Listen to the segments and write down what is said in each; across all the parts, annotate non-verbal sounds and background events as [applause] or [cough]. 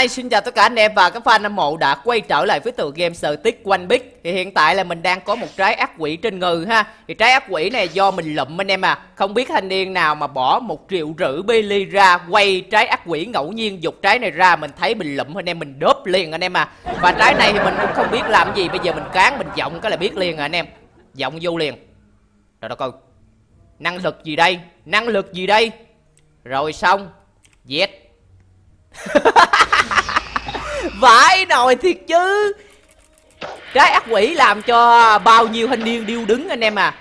Hi, xin chào tất cả anh em và các fan hâm mộ đã quay trở lại với tựa game sở tiết quanh Big Thì hiện tại là mình đang có một trái ác quỷ trên ngừ ha Thì trái ác quỷ này do mình lụm anh em à Không biết thanh niên nào mà bỏ một triệu rưỡi Billy ra Quay trái ác quỷ ngẫu nhiên dục trái này ra Mình thấy mình lụm anh em mình đớp liền anh em à Và trái này thì mình cũng không biết làm gì Bây giờ mình cán mình giọng cái là biết liền à anh em Giọng vô liền Rồi đó coi Năng lực gì đây Năng lực gì đây Rồi xong Yes [laughs] vãi nồi thiệt chứ cái ác quỷ làm cho bao nhiêu thanh niên điêu đứng anh em à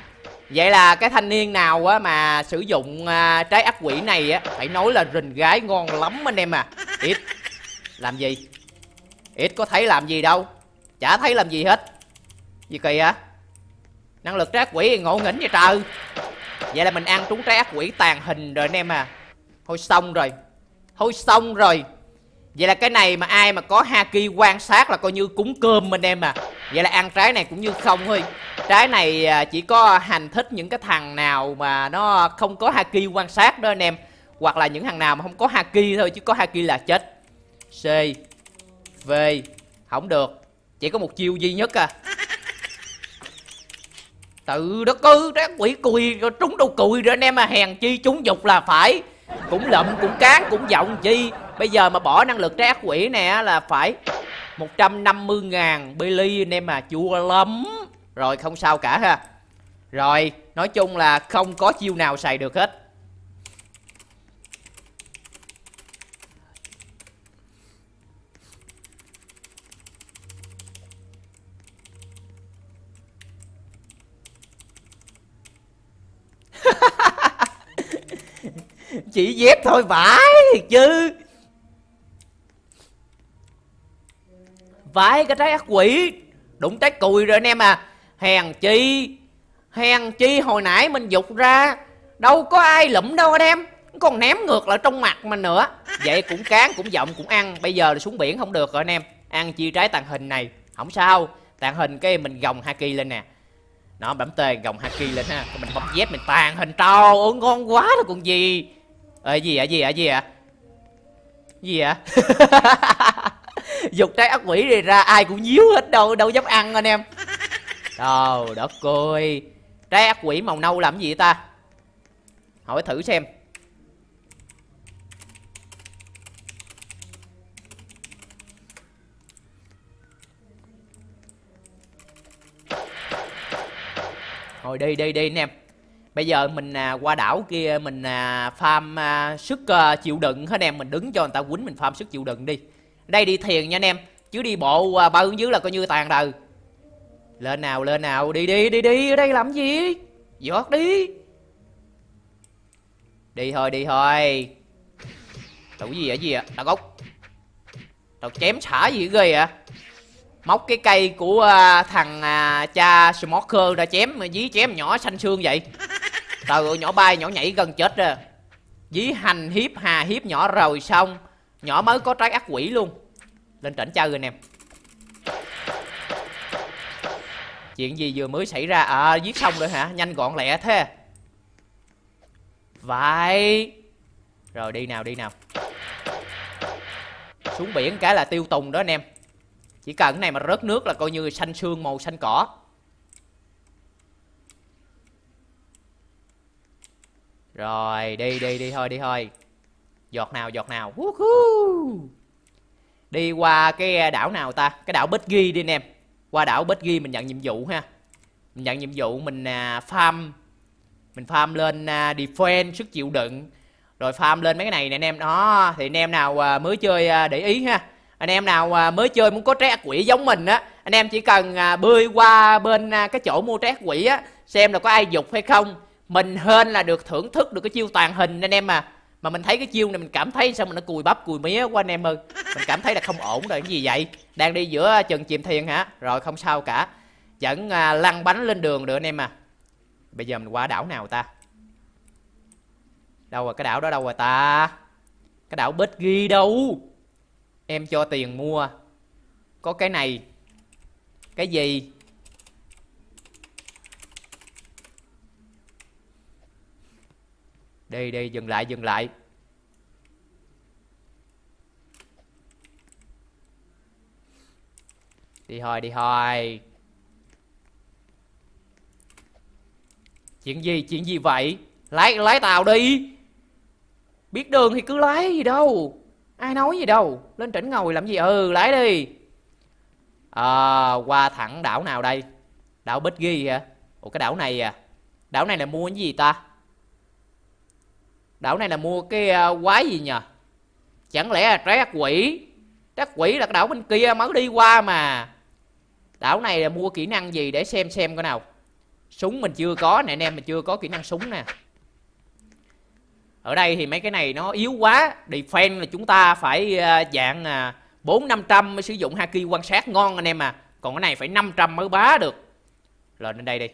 vậy là cái thanh niên nào á mà sử dụng à, trái ác quỷ này á phải nói là rình gái ngon lắm anh em à ít làm gì ít có thấy làm gì đâu chả thấy làm gì hết gì kỳ á năng lực trái ác quỷ ngộ nghĩnh vậy trời vậy là mình ăn trúng trái ác quỷ tàn hình rồi anh em à thôi xong rồi thôi xong rồi vậy là cái này mà ai mà có haki quan sát là coi như cúng cơm anh em à vậy là ăn trái này cũng như không thôi trái này à, chỉ có hành thích những cái thằng nào mà nó không có haki quan sát đó anh em hoặc là những thằng nào mà không có haki thôi chứ có haki là chết c v không được chỉ có một chiêu duy nhất à tự đất cứ rác quỷ cùi trúng đâu cùi rồi anh em à hèn chi trúng dục là phải cũng lụm cũng cán cũng giọng chi bây giờ mà bỏ năng lực trái ác quỷ nè là phải 150 ngàn Billy anh em à chua lắm Rồi không sao cả ha Rồi nói chung là không có chiêu nào xài được hết [laughs] chỉ dép thôi vải thiệt chứ vải cái trái ác quỷ đụng trái cùi rồi anh em à hèn chi hèn chi hồi nãy mình dục ra đâu có ai lụm đâu anh em còn ném ngược lại trong mặt mình nữa vậy cũng cán cũng giọng cũng ăn bây giờ là xuống biển không được rồi anh em ăn chi trái tàn hình này không sao tàn hình cái mình gồng haki lên nè nó bấm tê gồng haki lên ha mình bấm dép mình tàn hình to ôi ngon quá là còn gì Ờ gì ạ, gì ạ, gì ạ? Gì ạ? [laughs] Dục trái ác quỷ đi ra ai cũng nhíu hết đâu, đâu dám ăn anh em. Trời đất ơi. Trái ác quỷ màu nâu làm gì ta? Hỏi thử xem. Thôi đi đi đi anh em bây giờ mình à, qua đảo kia mình à, farm à, sức à, chịu đựng hết em mình đứng cho người ta quýnh mình farm sức chịu đựng đi đây đi thiền nha anh em chứ đi bộ à, ba hướng dưới là coi như tàn đời lên nào lên nào đi đi đi đi ở đây làm gì giọt đi đi thôi đi thôi tủ gì vậy gì vậy đào gốc tao chém xả gì ghê vậy móc cái cây của uh, thằng uh, cha smoker ra chém mà dí chém nhỏ xanh xương vậy từ nhỏ bay nhỏ nhảy gần chết rồi dí hành hiếp hà hiếp nhỏ rồi xong nhỏ mới có trái ác quỷ luôn lên trển chơi rồi anh em chuyện gì vừa mới xảy ra à giết xong rồi hả nhanh gọn lẹ thế vậy rồi đi nào đi nào xuống biển cái là tiêu tùng đó anh em chỉ cần cái này mà rớt nước là coi như xanh xương màu xanh cỏ Rồi đi đi đi thôi đi thôi Giọt nào giọt nào Đi qua cái à, đảo nào ta Cái đảo Bích Ghi đi anh em Qua đảo Bích Ghi mình nhận nhiệm vụ ha Mình nhận nhiệm vụ mình à, farm Mình farm lên à, defense sức chịu đựng Rồi farm lên mấy cái này nè anh em Đó thì anh em nào mới chơi để ý ha anh em nào mới chơi muốn có trái quỷ giống mình á anh em chỉ cần bơi qua bên cái chỗ mua trái quỷ á xem là có ai dục hay không mình hên là được thưởng thức được cái chiêu tàn hình anh em mà mà mình thấy cái chiêu này mình cảm thấy sao mà nó cùi bắp cùi mía quá anh em ơi mình cảm thấy là không ổn rồi cái gì vậy đang đi giữa trần chìm thiền hả rồi không sao cả vẫn à, lăn bánh lên đường được anh em à bây giờ mình qua đảo nào ta đâu rồi cái đảo đó đâu rồi ta cái đảo bết ghi đâu em cho tiền mua có cái này cái gì Đi đi dừng lại dừng lại Đi thôi đi thôi Chuyện gì chuyện gì vậy Lái lái tàu đi Biết đường thì cứ lái gì đâu Ai nói gì đâu Lên trển ngồi làm gì ừ lái đi À, qua thẳng đảo nào đây? Đảo Bích Ghi hả? Ủa cái đảo này à? Đảo này là mua cái gì ta? đảo này là mua cái à, quái gì nhờ chẳng lẽ là trái ác quỷ trái ác quỷ là cái đảo bên kia mới đi qua mà đảo này là mua kỹ năng gì để xem xem coi nào súng mình chưa có nè anh em mình chưa có kỹ năng súng nè ở đây thì mấy cái này nó yếu quá defense là chúng ta phải à, dạng à, bốn năm trăm mới sử dụng haki quan sát ngon anh em à còn cái này phải 500 mới bá được lên đến đây đi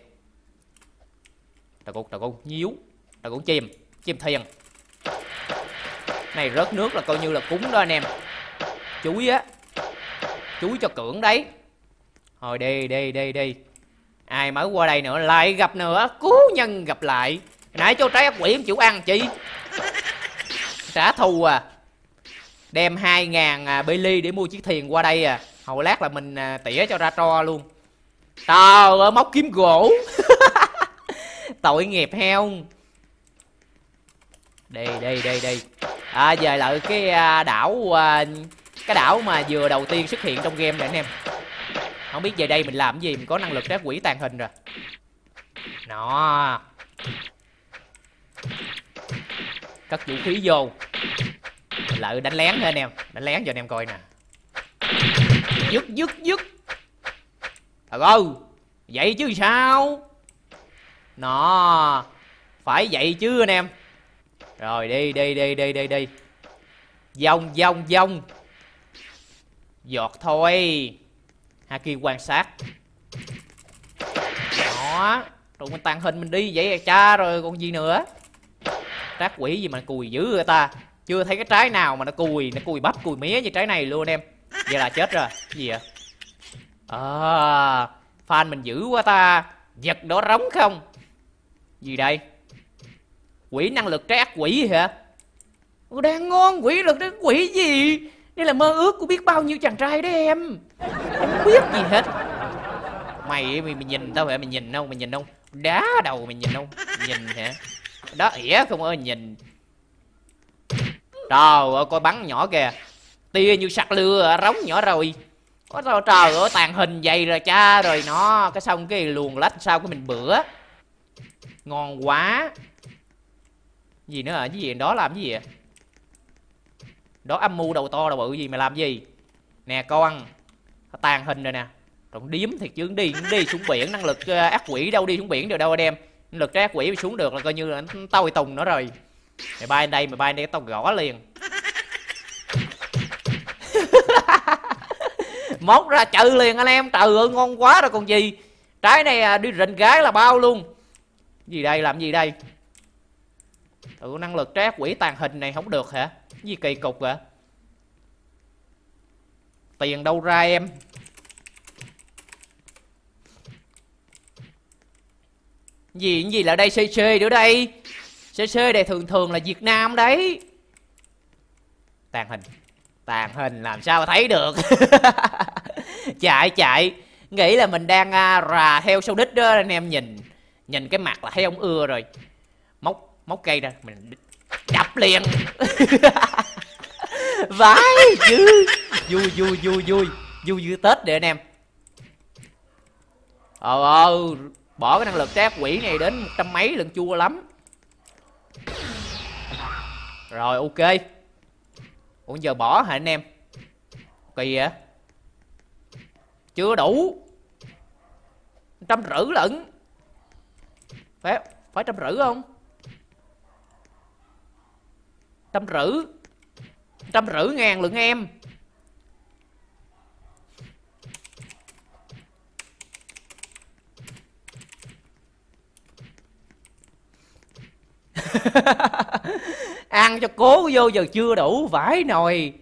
tao cũng tao cũng nhíu tao cũng chìm chìm thiền này rớt nước là coi như là cúng đó anh em chuối á chuối cho cưỡng đấy hồi đi đi đi đi ai mới qua đây nữa lại gặp nữa cứu nhân gặp lại nãy cho trái ác quỷ không chịu ăn chị trả thù à đem hai ngàn à, để mua chiếc thuyền qua đây à hồi lát là mình à, tỉa cho ra tro luôn tờ móc kiếm gỗ [laughs] tội nghiệp heo đây đây đây đây à, về lại cái à, đảo à, cái đảo mà vừa đầu tiên xuất hiện trong game rồi anh em không biết về đây mình làm gì mình có năng lực trái quỷ tàn hình rồi nó cất vũ khí vô lại đánh lén thôi anh em đánh lén cho anh em coi nè dứt dứt dứt thật ơi vậy chứ sao nó phải vậy chứ anh em rồi đi đi đi đi đi đi Dông dông dông Giọt thôi Haki quan sát Đó Tụi mình tàn hình mình đi vậy à cha rồi còn gì nữa Rác quỷ gì mà cùi dữ người ta Chưa thấy cái trái nào mà nó cùi Nó cùi bắp cùi mía như trái này luôn em giờ là chết rồi Cái gì vậy À Fan mình dữ quá ta Giật đó rống không Gì đây quỷ năng lực trái ác quỷ hả đang ngon quỷ lực đấy quỷ gì đây là mơ ước của biết bao nhiêu chàng trai đấy em em không biết gì hết mày mày, mày nhìn tao hả mày nhìn đâu? mày nhìn đâu? đá đầu mày nhìn đâu? nhìn hả đó ỉa không ơi nhìn trời ơi coi bắn nhỏ kìa tia như sặc lưa rống nhỏ rồi có sao trời ơi tàn hình dày rồi cha rồi nó cái xong cái luồn lách sao của mình bữa ngon quá gì nữa hả cái gì đó làm cái gì vậy đó âm mưu đầu to đầu bự gì mày làm gì nè con tàn hình rồi nè còn điếm thiệt chứ đi đi xuống biển năng lực ờ, ác quỷ đâu đi xuống biển được đâu anh em năng lực ác quỷ xuống được là coi như là tao tùng nó rồi mày bay đây mày bay đây tao gõ liền [laughs] móc ra trừ liền anh em trừ ơi ngon quá rồi còn gì trái này à, đi rình gái là bao luôn gì đây làm gì đây ừ năng lực trác quỷ tàn hình này không được hả gì kỳ cục vậy? tiền đâu ra em gì gì là đây cc nữa đây cc này thường thường là việt nam đấy tàn hình tàn hình làm sao mà thấy được [laughs] chạy chạy nghĩ là mình đang à, rà heo sâu đít đó anh em nhìn nhìn cái mặt là thấy ông ưa rồi móc cây ra mình đập liền [laughs] vãi chứ vui vui vui vui vui vui tết để anh em ờ ờ bỏ cái năng lực trái quỷ này đến một trăm mấy lần chua lắm rồi ok ủa giờ bỏ hả anh em kỳ vậy chưa đủ trăm rưỡi lận phải phải trăm rưỡi không trăm rưỡi trăm rưỡi ngàn lượng em [laughs] ăn cho cố vô giờ chưa đủ vải nồi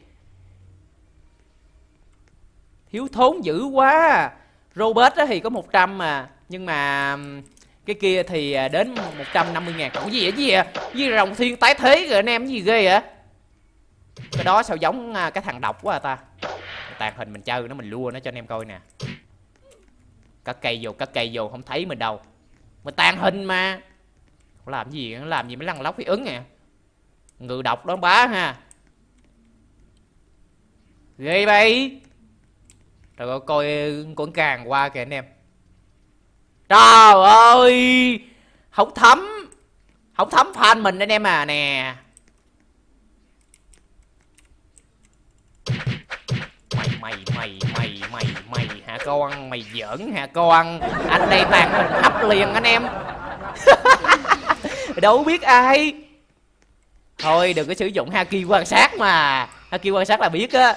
thiếu thốn dữ quá robert thì có 100 mà nhưng mà cái kia thì à, đến 150 ngàn còn gì vậy gì vậy gì rồng thiên tái thế rồi anh em gì ghê vậy cái đó sao giống à, cái thằng độc quá à ta tàn hình mình chơi nó mình lua nó cho anh em coi nè cắt cây vô cắt cây vô không thấy mình đâu mình tàn hình mà làm gì nó làm gì mới lăn lóc cái ứng nè ngự độc đó bá ha ghê bay rồi coi con càng qua kìa anh em Trời ơi Không thấm Không thấm fan mình anh em à nè Mày mày mày mày mày mày hả con Mày giỡn hả con Anh đây tàn mình hấp liền anh em [laughs] Đâu biết ai Thôi đừng có sử dụng Haki quan sát mà Haki quan sát là biết á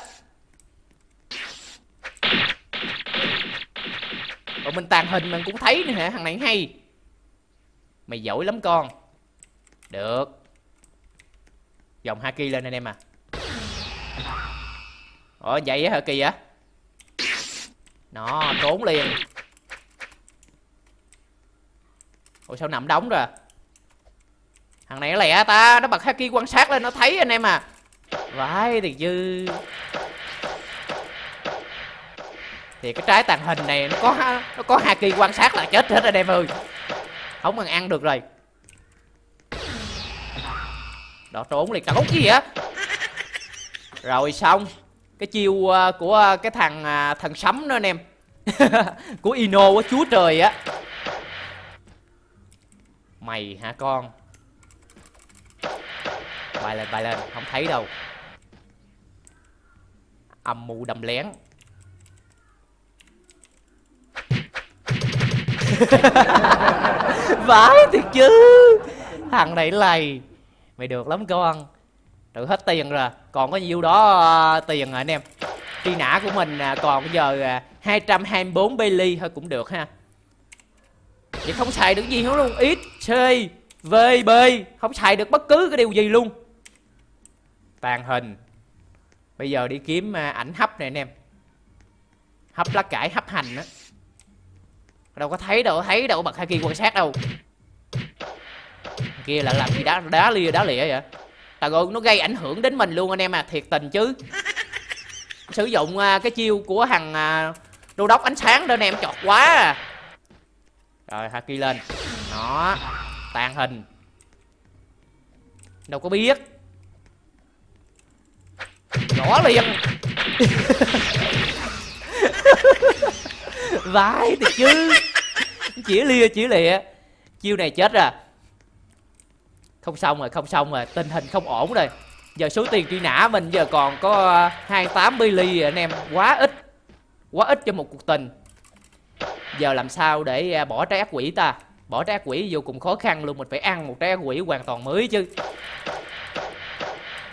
Còn mình tàn hình mình cũng thấy nữa hả Thằng này hay Mày giỏi lắm con Được Dòng Haki lên anh em à Ủa vậy hả kỳ vậy Nó trốn liền Ủa sao nằm đóng rồi Thằng này nó lẹ ta Nó bật Haki quan sát lên nó thấy anh em à Vãi thì dư thì cái trái tàng hình này nó có nó có hai kỳ quan sát là chết hết anh em ơi không cần ăn được rồi đó trốn liền cả gốc gì vậy rồi xong cái chiêu ờ, của ờ, cái thằng à, thằng sấm đó anh em [laughs] của ino quá chúa trời á mày hả con bay lên bay lên không thấy đâu âm mưu đầm lén [laughs] vãi thiệt chứ thằng này lầy mày được lắm con tự hết tiền rồi còn có nhiêu đó uh, tiền rồi anh em truy nã của mình uh, còn bây giờ uh, à, 224 Bailey thôi cũng được ha Vậy không xài được gì hết luôn X, C, V, Không xài được bất cứ cái điều gì luôn Tàn hình Bây giờ đi kiếm ảnh hấp này anh em Hấp lá cải, hấp hành á đâu có thấy đâu thấy đâu bật hai kia quan sát đâu kia là làm gì đá đá lia đá lịa vậy tao ơn nó gây ảnh hưởng đến mình luôn anh em à thiệt tình chứ sử dụng uh, cái chiêu của thằng uh, đô đốc ánh sáng đó anh em chọt quá à. rồi haki lên đó tàn hình đâu có biết rõ liền [laughs] [laughs] vãi thì chứ chỉ lìa chỉ lìa chiêu này chết rồi à. không xong rồi không xong rồi tình hình không ổn rồi giờ số tiền truy nã mình giờ còn có 28 à, billy à, anh em quá ít quá ít cho một cuộc tình giờ làm sao để bỏ trái ác quỷ ta bỏ trái ác quỷ vô cùng khó khăn luôn mình phải ăn một trái ác quỷ hoàn toàn mới chứ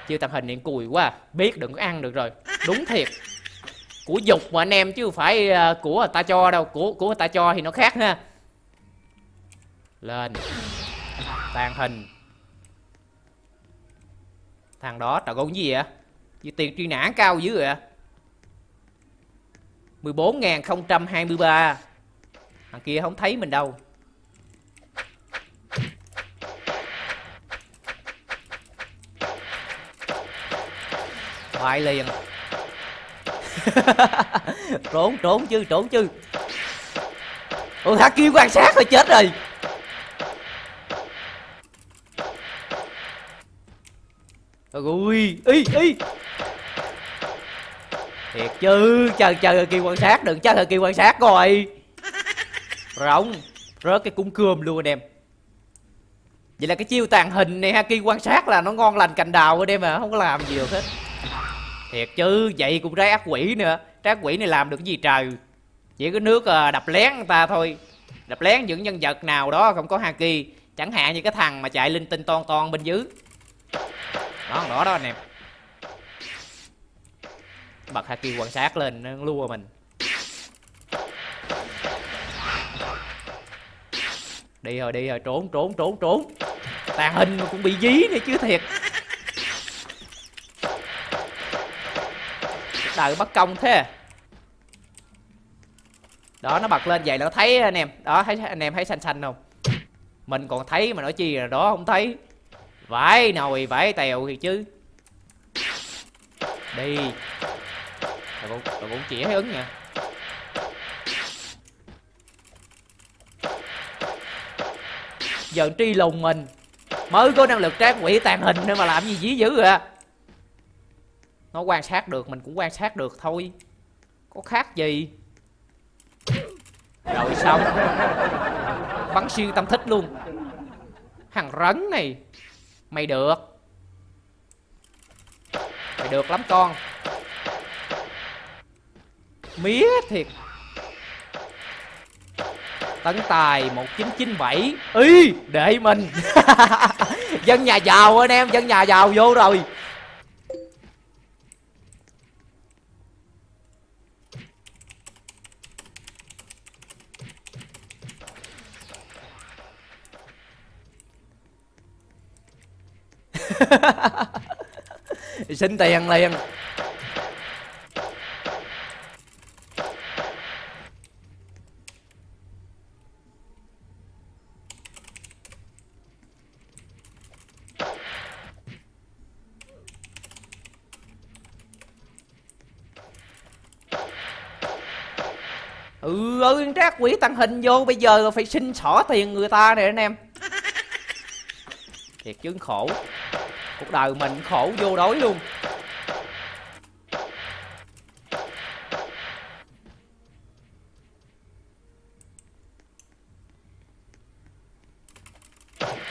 chưa tầm hình điện cùi quá biết đừng có ăn được rồi đúng thiệt của dục mà anh em chứ không phải à, của người ta cho đâu của của người ta cho thì nó khác ha lên tàn hình thằng đó trời con gì vậy vì tiền truy nã cao dữ vậy 14.023 Thằng kia không thấy mình đâu Bại liền [laughs] trốn trốn chứ trốn chứ ủa thả kia quan sát rồi chết rồi ui ý ý thiệt chứ chờ chờ kia quan sát đừng chắc thời kia quan sát rồi rỗng rớt cái cung cơm luôn anh em vậy là cái chiêu tàn hình này ha kia quan sát là nó ngon lành cành đào anh em mà không có làm gì được hết thiệt chứ vậy cũng trái ác quỷ nữa trái ác quỷ này làm được cái gì trời chỉ có nước ờ, đập lén người ta thôi đập lén những nhân vật nào đó không có haki chẳng hạn như cái thằng mà chạy linh tinh toan toan bên dưới đó đó đó anh em bật haki quan sát lên nó lua mình đi rồi đi rồi trốn trốn trốn trốn tàn hình mà cũng bị dí nữa chứ thiệt đời bất công thế đó nó bật lên vậy nó thấy anh em đó thấy anh em thấy xanh xanh không mình còn thấy mà nói chi là đó không thấy vải nồi vải tèo thì chứ đi rồi cũng, rồi cũng chỉ thấy ứng nha giờ tri lùng mình mới có năng lực trác quỷ tàn hình nên mà làm gì dí dữ rồi à nó quan sát được mình cũng quan sát được thôi có khác gì rồi xong bắn siêu tâm thích luôn thằng rắn này mày được mày được lắm con mía thiệt tấn tài 1997 ý để mình [laughs] dân nhà giàu anh em dân nhà giàu vô rồi [laughs] xin tiền liền Ừ ơi rác quỷ tăng hình vô bây giờ phải xin xỏ tiền người ta nè anh em Thiệt chứ khổ Cuộc đời mình khổ vô đối luôn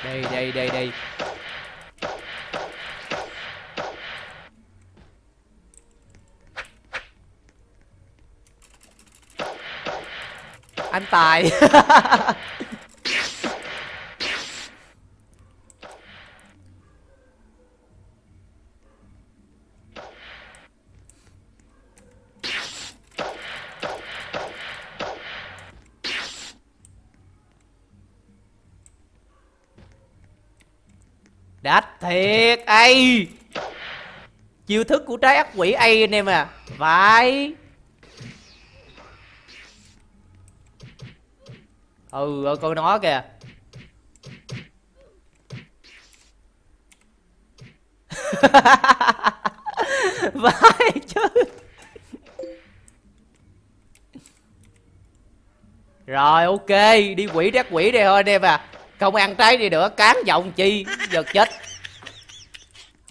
Đi đi đi đi Anh Tài [laughs] thiệt ai chiêu thức của trái ác quỷ ai anh em à vãi ừ ờ, coi nó kìa vãi [laughs] chứ rồi ok đi quỷ rác quỷ đây thôi anh em à không ăn trái đi nữa cán giọng chi giờ chết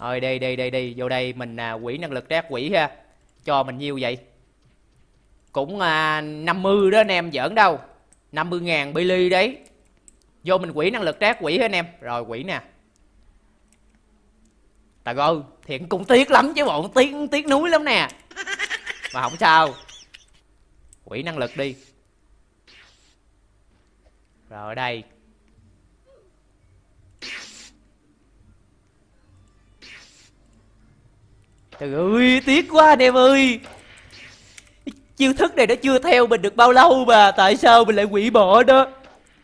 rồi đây đây đây đi vô đây mình à, quỹ năng lực đát quỷ ha cho mình nhiêu vậy cũng à, 50 đó anh em giỡn đâu 50 ngàn Billy đấy vô mình quỹ năng lực đát quỷ hết anh em rồi quỷ nè tà gơ thiện cũng tiếc lắm chứ bọn tiếc tiếc núi lắm nè mà không sao quỹ năng lực đi rồi đây Trời ơi, tiếc quá anh em ơi Chiêu thức này nó chưa theo mình được bao lâu mà Tại sao mình lại quỷ bỏ đó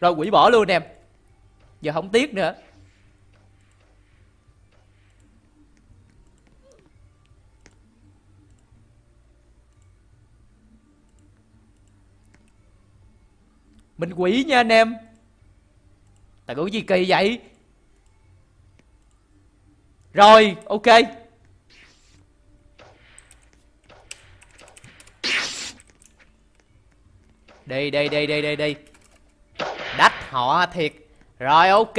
Rồi quỷ bỏ luôn em Giờ không tiếc nữa Mình quỷ nha anh em Tại có gì kỳ vậy Rồi ok Đi đi đi đi đi đi Đách họ thiệt Rồi ok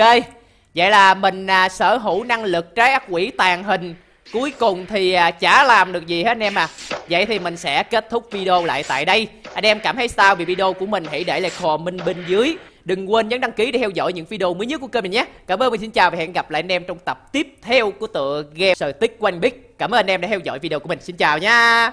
Vậy là mình à, sở hữu năng lực trái ác quỷ tàn hình Cuối cùng thì à, chả làm được gì hết anh em à Vậy thì mình sẽ kết thúc video lại tại đây Anh em cảm thấy sao về video của mình hãy để lại comment bên dưới Đừng quên nhấn đăng ký để theo dõi những video mới nhất của kênh mình nhé Cảm ơn mình xin chào và hẹn gặp lại anh em trong tập tiếp theo của tựa game Sở Tích Quanh biết Cảm ơn anh em đã theo dõi video của mình Xin chào nha